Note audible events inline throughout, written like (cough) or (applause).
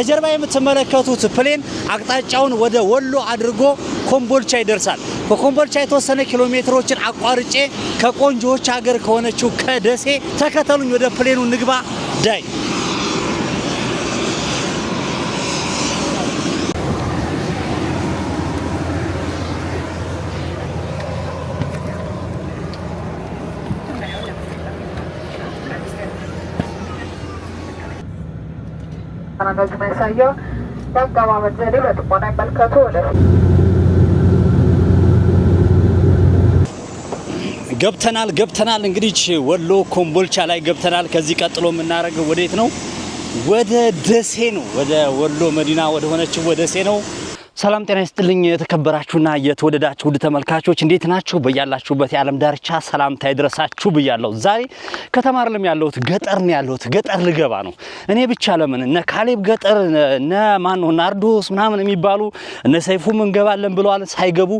ከጀርባ የምትመለከቱት ፕሌን አቅጣጫውን ወደ ወሎ አድርጎ ኮምቦልቻ ይደርሳል። ከኮምቦልቻ የተወሰነ ኪሎ ሜትሮችን አቋርጬ ከቆንጆዎች ሀገር ከሆነችው ከደሴ ተከተሉኝ፣ ወደ ፕሌኑ ንግባ ዳይ ሲያረጋግ የሚያሳየው የአቀማመጥ ዘዴ በጥሞና ይመልከቱ። ወደፊት ገብተናል ገብተናል። እንግዲህ ወሎ ኮምቦልቻ ላይ ገብተናል። ከዚህ ቀጥሎ የምናደርገው ወዴት ነው? ወደ ደሴ ነው። ወደ ወሎ መዲና ወደ ሆነችው ወደ ደሴ ነው። ሰላም ጤና ይስጥልኝ። የተከበራችሁና የተወደዳችሁ ውድ ተመልካቾች እንዴት ናችሁ? በያላችሁበት የዓለም ዳርቻ ሰላምታ ይድረሳችሁ ብያለሁ። ዛሬ ከተማርልም ያለሁት ገጠር ነው ያለሁት። ገጠር ልገባ ነው እኔ ብቻ። ለምን እነ ካሌብ ገጠር እነ ማን ነው ናርዶስ ምናምን የሚባሉ እነ ሰይፉም እንገባለን ብለዋል። ሳይገቡ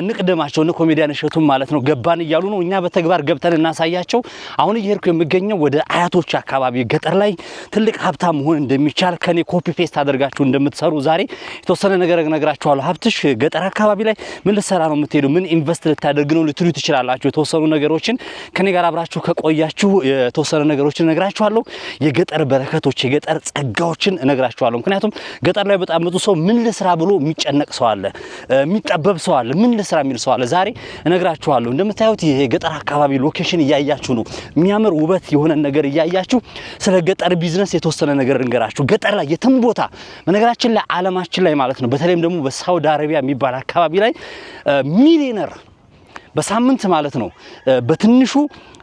እንቅደማቸው። እነ ኮሜዲያን እሸቱም ማለት ነው ገባን እያሉ ነው። እኛ በተግባር ገብተን እናሳያቸው። አሁን እየሄድኩ የምገኘው ወደ አያቶች አካባቢ ገጠር ላይ ትልቅ ሀብታም መሆን እንደሚቻል ከኔ ኮፒ ፔስት አድርጋችሁ እንደምትሰሩ ዛሬ የተወሰነ ነገር እነግራችኋለሁ። ሀብትሽ ገጠር አካባቢ ላይ ምን ልትሰራ ነው የምትሄዱ፣ ምን ኢንቨስት ልታደርግ ነው ልትሉ ትችላላችሁ። የተወሰኑ ነገሮችን ከኔ ጋር አብራችሁ ከቆያችሁ የተወሰኑ ነገሮችን ነግራችኋለሁ። የገጠር በረከቶች፣ የገጠር ጸጋዎችን ነግራችኋለሁ። ምክንያቱም ገጠር ላይ በጣም ብዙ ሰው ምን ልስራ ብሎ የሚጨነቅ ሰው አለ፣ የሚጠበብ ሰው አለ፣ ምን ልስራ የሚል ሰው አለ። ዛሬ እነግራችኋለሁ። እንደምታዩት ይሄ የገጠር አካባቢ ሎኬሽን እያያችሁ ነው፣ የሚያምር ውበት የሆነ ነገር እያያችሁ ስለ ገጠር ቢዝነስ የተወሰነ ነገር እንገራችሁ። ገጠር ላይ የትም ቦታ በነገራችን ላይ አለማችን ላይ ማለት ነው በተለይ በተለይም ደግሞ በሳውዲ አረቢያ የሚባል አካባቢ ላይ ሚሊነር በሳምንት ማለት ነው በትንሹ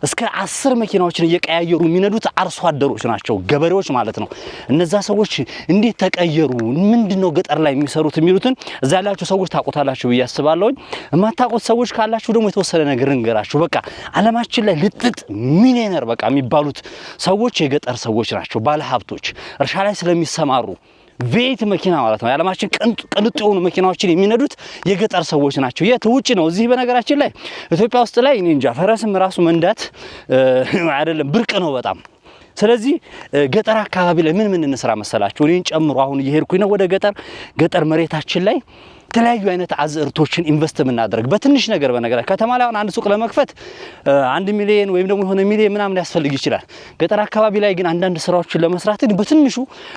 እስከ አስር መኪናዎችን እየቀያየሩ የሚነዱት አርሶ አደሮች ናቸው፣ ገበሬዎች ማለት ነው። እነዛ ሰዎች እንዴት ተቀየሩ? ምንድን ነው ገጠር ላይ የሚሰሩት የሚሉትን እዛ ያላችሁ ሰዎች ታውቁታላችሁ ብዬ አስባለሁኝ። የማታውቁት ሰዎች ካላችሁ ደግሞ የተወሰነ ነገር እንገራችሁ። በቃ አለማችን ላይ ልጥጥ ሚሊዮነር በቃ የሚባሉት ሰዎች የገጠር ሰዎች ናቸው፣ ባለሀብቶች እርሻ ላይ ስለሚሰማሩ ቤት መኪና ማለት ነው። የዓለማችን ቅንጡ የሆኑ መኪናዎችን የሚነዱት የገጠር ሰዎች ናቸው። የት ውጭ ነው። እዚህ በነገራችን ላይ ኢትዮጵያ ውስጥ ላይ እኔ እንጃ ፈረስም ራሱ መንዳት አይደለም ብርቅ ነው በጣም ስለዚህ ገጠር አካባቢ ላይ ምን ምን እንስራ መሰላችሁ? እኔን ጨምሮ አሁን እየሄድኩኝ ነው ወደ ገጠር ገጠር መሬታችን ላይ የተለያዩ አይነት አዝእርቶችን ኢንቨስት የምናደርግ በትንሽ ነገር በነገራ ከተማ ላይ አሁን አንድ ሱቅ ለመክፈት አንድ ሚሊየን ወይም ደግሞ የሆነ ሚሊየን ምናምን ሊያስፈልግ ይችላል። ገጠር አካባቢ ላይ ግን አንዳንድ ስራዎችን ለመስራት ግን በትንሹ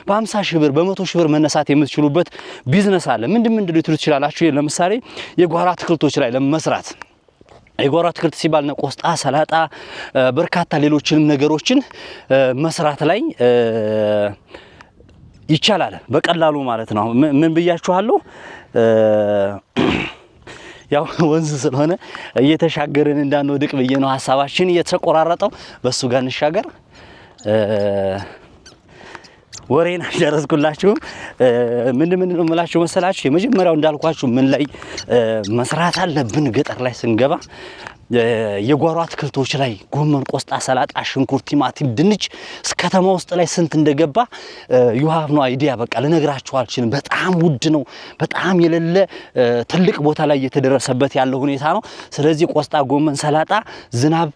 በ ሺህ ብር በመቶ ሺህ ብር መነሳት የምትችሉበት ቢዝነስ አለ። ምንድን ምንድን ልትሉ ትችላላችሁ? ለምሳሌ የጓሮ አትክልቶች ላይ ለመስራት የጓሮ አትክልት ሲባል ነው ቆስጣ፣ ሰላጣ፣ በርካታ ሌሎችንም ነገሮችን መስራት ላይ ይቻላል በቀላሉ ማለት ነው። ምን ብያችኋለሁ? (clears throat) ያው ወንዝ ስለሆነ እየተሻገርን እንዳንወድቅ ብዬ ነው ሀሳባችን እየተቆራረጠው። በሱ ጋር እንሻገር። ወሬን አልደረስኩላችሁም። ምን ምን ነው የምላችሁ መሰላችሁ? የመጀመሪያው እንዳልኳችሁ ምን ላይ መስራት አለብን ገጠር ላይ ስንገባ የጓሮ አትክልቶች ላይ ጎመን፣ ቆስጣ፣ ሰላጣ፣ ሽንኩርት፣ ቲማቲም፣ ድንች ከተማ ውስጥ ላይ ስንት እንደገባ ዩ ሃቭ ኖ አይዲያ። በቃ ልነግራችሁ አልችልም። በጣም ውድ ነው። በጣም የሌለ ትልቅ ቦታ ላይ እየተደረሰበት ያለው ሁኔታ ነው። ስለዚህ ቆስጣ፣ ጎመን፣ ሰላጣ ዝናብ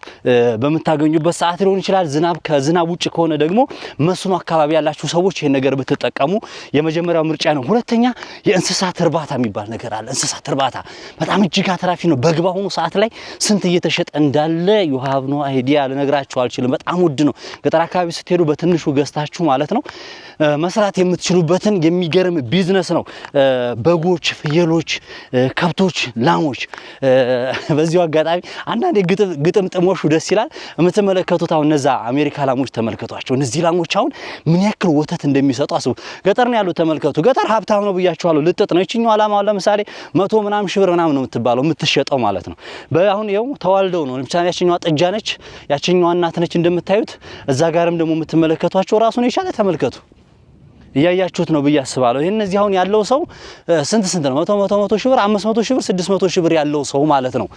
በምታገኙበት ሰዓት ሊሆን ይችላል። ዝናብ ከዝናብ ውጭ ከሆነ ደግሞ መስኖ አካባቢ ያላችሁ ሰዎች ይህን ነገር ብትጠቀሙ የመጀመሪያው ምርጫ ነው። ሁለተኛ የእንስሳት እርባታ የሚባል ነገር አለ። እንስሳት እርባታ በጣም እጅግ አትራፊ ነው። በግባ ሆኑ ሰዓት ላይ ስንት እየተሸጠ እንዳለ ዩ ሃቭ ኖ አይዲያ ልነግራችሁ አልችልም። በጣም ውድ ነው። ገጠር አካባቢ ስትሄዱ በትንሹ ገዝታችሁ ማለት ነው መስራት የምትችሉበትን የሚገርም ቢዝነስ ነው። በጎች፣ ፍየሎች፣ ከብቶች፣ ላሞች። በዚሁ አጋጣሚ አንዳንዴ ግጥም ጥሞሹ ደስ ይላል። የምትመለከቱት አሁን እነዛ አሜሪካ ላሞች ተመልከቷቸው። እነዚህ ላሞች አሁን ምን ያክል ወተት እንደሚሰጡ አስቡ። ገጠር ነው ያሉት ተመልከቱ። ገጠር ሀብታም ነው ብያችኋለሁ። ልጥጥ ነው ይችኛው አላማው። ለምሳሌ መቶ ምናምን ሽብር ምናም ምናምን ነው የምትባለው የምትሸጠው ማለት ነው። በአሁን ይኸው ተዋልደው ነው። ለምሳሌ ያችኛዋ ጥጃ ነች፣ ያችኛዋ እናት ነች እንደምታዩት። እዛ ጋርም ደግሞ የምትመለከቷቸው ራሱን የቻለ ተመልከቱ እያያችሁት ነው ብዬ አስባለሁ። ይሄን እዚህ አሁን ያለው ሰው ስንት ስንት ነው? መቶ መቶ መቶ ሺህ ብር፣ አምስት መቶ ሺህ ብር፣ ስድስት መቶ ሺህ ብር ያለው ሰው ማለት ነው።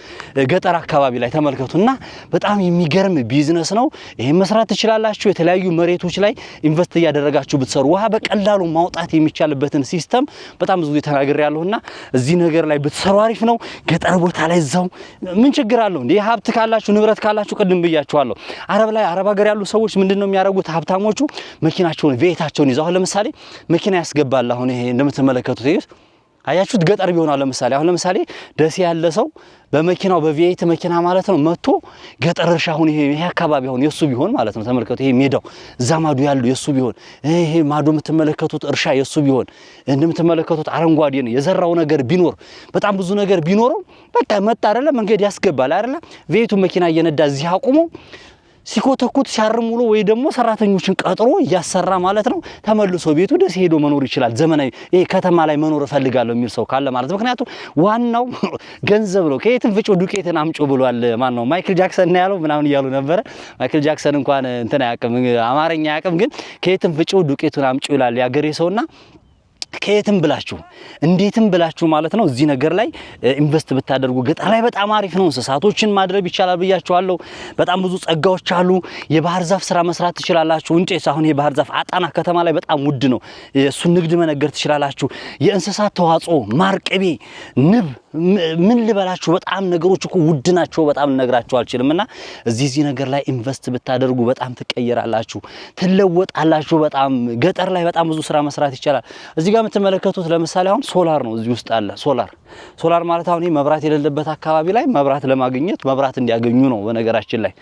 ገጠር አካባቢ ላይ ተመልከቱና በጣም የሚገርም ቢዝነስ ነው። ይሄን መስራት ትችላላችሁ። የተለያዩ መሬቶች ላይ ኢንቨስት እያደረጋችሁ ብትሰሩ ውሃ በቀላሉ ማውጣት የሚቻልበትን ሲስተም በጣም ብዙ ጊዜ ተናግሬያለሁና እዚህ ነገር ላይ ብትሰሩ አሪፍ ነው። ገጠር ቦታ ላይ እዛው ምን ችግር አለው እንዴ? ሀብት ካላችሁ ንብረት ካላችሁ ቅድም ብያችኋለሁ። አረብ ላይ አረብ ሀገር ያሉ ሰዎች ምንድነው የሚያደርጉት? ሀብታሞቹ መኪናቸውን ቤታቸውን ይዘው ለምሳሌ መኪና ያስገባል። አሁን ይሄ እንደምትመለከቱት ይህ አያችሁት ገጠር ቢሆን ለምሳሌ አሁን ለምሳሌ ደሴ ያለ ሰው በመኪናው በቪኤት መኪና ማለት ነው መጥቶ ገጠር እርሻ አሁን ይሄ አካባቢ አሁን የሱ ቢሆን ማለት ነው ተመልከቱ። ይሄ ሜዳው እዛ ማዶ ያሉ የሱ ቢሆን ይሄ ማዶ የምትመለከቱት እርሻ የሱ ቢሆን እንደምትመለከቱት አረንጓዴ ነው። የዘራው ነገር ቢኖር በጣም ብዙ ነገር ቢኖረው በቃ መጣ አይደለ መንገድ ያስገባል አይደለ ቪኤቱ መኪና እየነዳ እዚህ አቁሞ ሲኮተኩት ሲያርም ውሎ ወይ ደግሞ ሰራተኞችን ቀጥሮ እያሰራ ማለት ነው። ተመልሶ ቤቱ ደስ ሄዶ መኖር ይችላል። ዘመናዊ ይሄ ከተማ ላይ መኖር እፈልጋለሁ የሚል ሰው ካለ ማለት ምክንያቱም ዋናው (laughs) ገንዘብ ነው። ከየትም ፍጮ ዱቄትን አምጮ ብሏል። ማን ነው ማይክል ጃክሰን ያለው ምናምን እያሉ ነበረ። ማይክል ጃክሰን እንኳን እንትን አያውቅም፣ አማርኛ አያውቅም፣ ግን ከየትም ፍጮ ዱቄቱን አምጮ ይላል ያገሬ ሰውና ከየትም ብላችሁ እንዴትም ብላችሁ ማለት ነው እዚህ ነገር ላይ ኢንቨስት ብታደርጉ ገጠር ላይ በጣም አሪፍ ነው። እንስሳቶችን ማድረብ ይቻላል ብያችኋለሁ። በጣም ብዙ ጸጋዎች አሉ። የባህር ዛፍ ስራ መስራት ትችላላችሁ። እንጨት አሁን የባህር ዛፍ አጣና ከተማ ላይ በጣም ውድ ነው። እሱን ንግድ መነገር ትችላላችሁ። የእንስሳት ተዋጽኦ ማርቅቤ ንብ ምን ልበላችሁ በጣም ነገሮች እኮ ውድ ናቸው። በጣም ልነግራችሁ አልችልም። እና እዚህ እዚህ ነገር ላይ ኢንቨስት ብታደርጉ በጣም ትቀየራላችሁ፣ ትለወጣላችሁ። በጣም ገጠር ላይ በጣም ብዙ ስራ መስራት ይቻላል እዚህ ጋር ጋር የምትመለከቱት ለምሳሌ አሁን ሶላር ነው እዚህ ውስጥ አለ። ሶላር ሶላር ማለት አሁን ይህ መብራት የሌለበት አካባቢ ላይ መብራት ለማግኘት መብራት እንዲያገኙ ነው በነገራችን ላይ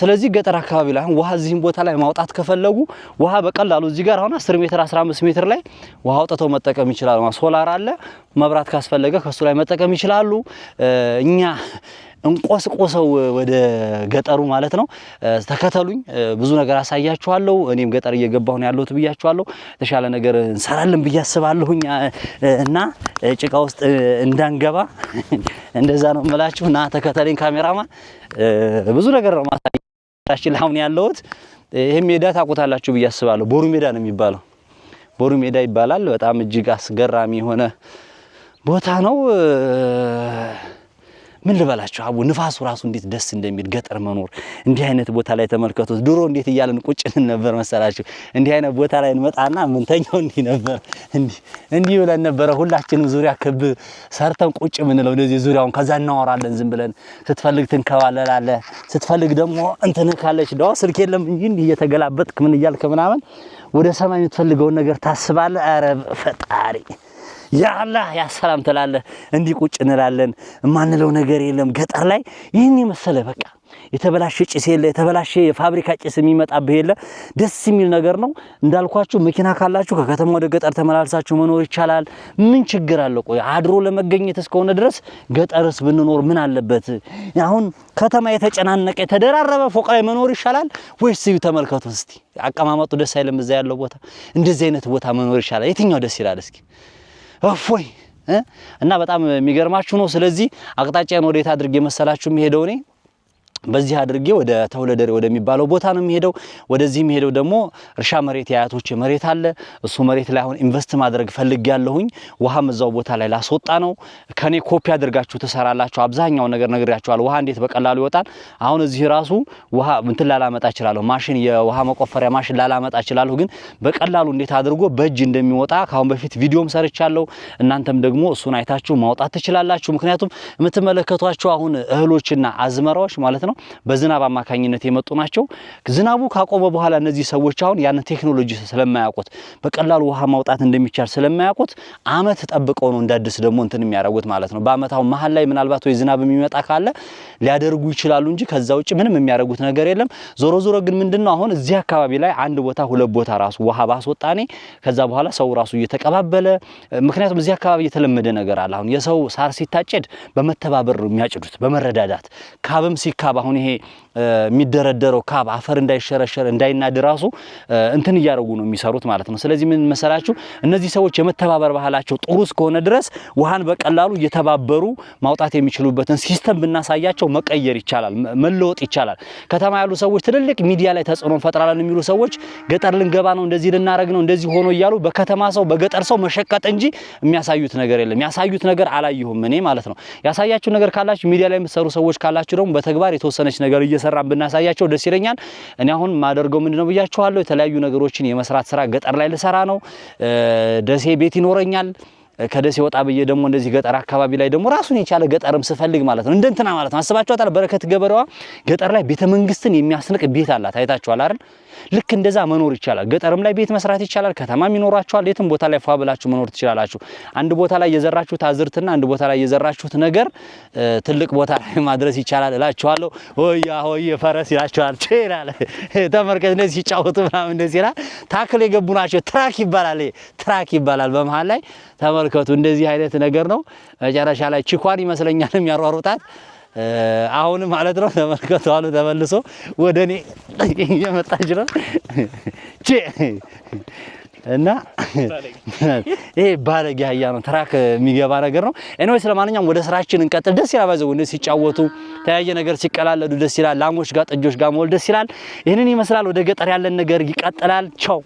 ስለዚህ ገጠር አካባቢ ላይ አሁን ውሃ እዚህም ቦታ ላይ ማውጣት ከፈለጉ ውሃ በቀላሉ እዚህ ጋር አሁን 10 ሜትር 15 ሜትር ላይ ውሃ አውጥተው መጠቀም ይችላሉ። ሶላር አለ። መብራት ካስፈለገ ከሱ ላይ መጠቀም ይችላሉ። እኛ እንቆስቆሰው ወደ ገጠሩ ማለት ነው። ተከተሉኝ፣ ብዙ ነገር አሳያችኋለሁ። እኔም ገጠር እየገባሁ ነው ያለሁት ብያችኋለሁ። የተሻለ ነገር እንሰራለን ብዬ አስባለሁኝ እና ጭቃ ውስጥ እንዳንገባ (laughs) እንደዛ ነው የምላችሁ። እና ተከተለኝ ካሜራማ፣ ብዙ ነገር ነው ማሳያችን። ላሁን ያለሁት ይህ ሜዳ ታውቁታላችሁ ብዬ አስባለሁ። ቦሩ ሜዳ ነው የሚባለው። ቦሩ ሜዳ ይባላል። በጣም እጅግ አስገራሚ የሆነ ቦታ ነው። ምን ልበላችሁ አቡ ንፋሱ ራሱ እንዴት ደስ እንደሚል ገጠር መኖር እንዲህ አይነት ቦታ ላይ ተመልከቱት። ድሮ እንዴት እያለን ቁጭ ነበር መሰላችሁ? እንዲህ አይነት ቦታ ላይ እንመጣና ምንተኛው እንዲህ ነበር፣ እንዲህ ብለን ነበረ። ሁላችንም ዙሪያ ክብ ሰርተን ቁጭ ምንለው እንደዚህ ዙሪያውን። ከዛ እናወራለን ዝም ብለን። ስትፈልግ ትንከባለላለ፣ ስትፈልግ ደግሞ እንትን ካለች ዳው ስልክ የለም እንጂ እንዲህ እየተገላበጥክ ምን እያልክ ምናምን ወደ ሰማይ የምትፈልገውን ነገር ታስባለ። አረ ፈጣሪ ያ አላህ ያ ሰላም ትላለህ። እንዲህ ቁጭ እንላለን። የማንለው ነገር የለም። ገጠር ላይ ይህን የመሰለ በቃ የተበላሸ ጭስ የለ፣ የተበላሸ የፋብሪካ ጭስ የሚመጣብህ የለ። ደስ የሚል ነገር ነው። እንዳልኳችሁ መኪና ካላችሁ ከከተማ ወደ ገጠር ተመላልሳችሁ መኖር ይቻላል። ምን ችግር አለ? ቆይ አድሮ ለመገኘት እስከሆነ ድረስ ገጠርስ ብንኖር ምን አለበት? አሁን ከተማ የተጨናነቀ የተደራረበ ፎቅ ላይ መኖር ይሻላል ወይስ? ሲዩ ተመልከቱ እስቲ። አቀማመጡ ደስ አይልም? እዛ ያለው ቦታ እንደዚህ አይነት ቦታ መኖር ይሻላል። የትኛው ደስ ይላል? እስኪ እፎይ እና በጣም የሚገርማችሁ ነው። ስለዚህ አቅጣጫን ወዴት አድርጌ መሰላችሁ የሚሄደው እኔ በዚህ አድርጌ ወደ ተውለደሬ ወደሚባለው ቦታ ነው የሚሄደው። ወደዚህ የሚሄደው ደግሞ እርሻ መሬት የአያቶች መሬት አለ። እሱ መሬት ላይ አሁን ኢንቨስት ማድረግ ፈልግ ያለሁኝ ውሃም እዛው ቦታ ላይ ላስወጣ ነው። ከኔ ኮፒ አድርጋችሁ ትሰራላችሁ። አብዛኛው ነገር ነግሬያችኋል። ውሃ እንዴት በቀላሉ ይወጣል። አሁን እዚህ ራሱ ውሃ እንትን ላላመጣ እችላለሁ፣ ማሽን የውሃ መቆፈሪያ ማሽን ላላመጣ እችላለሁ። ግን በቀላሉ እንዴት አድርጎ በእጅ እንደሚወጣ ከአሁን በፊት ቪዲዮም ሰርቻለሁ። እናንተም ደግሞ እሱን አይታችሁ ማውጣት ትችላላችሁ። ምክንያቱም የምትመለከቷቸው አሁን እህሎችና አዝመራዎች ማለት ነው በዝናብ አማካኝነት የመጡ ናቸው። ዝናቡ ካቆመ በኋላ እነዚህ ሰዎች አሁን ያን ቴክኖሎጂ ስለማያውቁት በቀላሉ ውሃ ማውጣት እንደሚቻል ስለማያውቁት አመት ጠብቀው ነው እንዳዲስ ደግሞ እንትን የሚያደርጉት ማለት ነው። በአመት አሁን መሀል ላይ ምናልባት ወይ ዝናብ የሚመጣ ካለ ሊያደርጉ ይችላሉ እንጂ ከዛ ውጭ ምንም የሚያደርጉት ነገር የለም። ዞሮ ዞሮ ግን ምንድነው አሁን እዚህ አካባቢ ላይ አንድ ቦታ ሁለት ቦታ ራሱ ውሃ ባስወጣኔ ከዛ በኋላ ሰው ራሱ እየተቀባበለ ምክንያቱም እዚህ አካባቢ የተለመደ ነገር አለ። አሁን የሰው ሳር ሲታጨድ በመተባበር ነው የሚያጭዱት በመረዳዳት ካብም ሲካብ ካብ አሁን ይሄ የሚደረደረው ካብ አፈር እንዳይሸረሸር እንዳይናድ ራሱ እንትን እያደረጉ ነው የሚሰሩት ማለት ነው። ስለዚህ ምን መሰላችሁ እነዚህ ሰዎች የመተባበር ባህላቸው ጥሩ እስከሆነ ድረስ ውሃን በቀላሉ እየተባበሩ ማውጣት የሚችሉበትን ሲስተም ብናሳያቸው መቀየር ይቻላል፣ መለወጥ ይቻላል። ከተማ ያሉ ሰዎች ትልልቅ ሚዲያ ላይ ተጽዕኖ እንፈጥራለን የሚሉ ሰዎች ገጠር ልንገባ ነው እንደዚህ ልናረግ ነው እንደዚህ ሆኖ እያሉ በከተማ ሰው በገጠር ሰው መሸቀጥ እንጂ የሚያሳዩት ነገር የለም። ያሳዩት ነገር አላየሁም እኔ ማለት ነው። ያሳያችሁ ነገር ካላችሁ ሚዲያ ላይ የምትሰሩ ሰዎች ካላችሁ ደግሞ በተግባር የተወሰነች ነገር እየሰራን ብናሳያቸው ደስ ይለኛል። እኔ አሁን ማደርገው ምንድነው ብያችኋለሁ፣ የተለያዩ ነገሮችን የመስራት ስራ ገጠር ላይ ልሰራ ነው። ደሴ ቤት ይኖረኛል። ከደሴ ወጣ ብዬ ደግሞ እንደዚህ ገጠር አካባቢ ላይ ደግሞ ራሱን የቻለ ገጠርም ስፈልግ ማለት ነው እንደ ማለት ነው። አስባችኋታል? በረከት ገበረዋ ገጠር ላይ ቤተ መንግስትን የሚያስንቅ ቤት አላት። አይታችኋል አይደል? ልክ እንደዛ መኖር ይቻላል። ገጠርም ላይ ቤት መስራት ይቻላል። ከተማም ይኖራችኋል። የትም ቦታ ላይ ፏ ብላችሁ መኖር ትችላላችሁ። አንድ ቦታ ላይ የዘራችሁት አዝርትና አንድ ቦታ ላይ የዘራችሁት ነገር ትልቅ ቦታ ላይ (laughs) ማድረስ ይቻላል እላችኋለሁ። ሆያ ወይ ፈረስ ይላችኋል ይላል። (laughs) ተመልከት፣ እንደዚህ ሲጫወቱ ምናምን እንደዚህ ይላል። ታክል የገቡ ናቸው። ትራክ ይባላል፣ ትራክ ይባላል። በመሀል ላይ ተመ ተመልከቱ። እንደዚህ አይነት ነገር ነው። መጨረሻ ላይ ችኳን ይመስለኛል የሚያሯሩጣት አሁን ማለት ነው። ተመልከቱ አሉ ተመልሶ ወደ እኔ እየመጣች ነው ቺ እና ይሄ ባለጌ አህያ ነው። ትራክ የሚገባ ነገር ነው። እኔ ለማንኛውም ወደ ስራችን እንቀጥል። ደስ ይላል። ባዘው እንደዚህ ሲጫወቱ ተያየ ነገር ሲቀላለዱ ደስ ይላል። ላሞች ጋር ጥጆች ጋር መወል ደስ ይላል። ይህንን ይመስላል። ወደ ገጠር ያለን ነገር ይቀጥላል። ቻው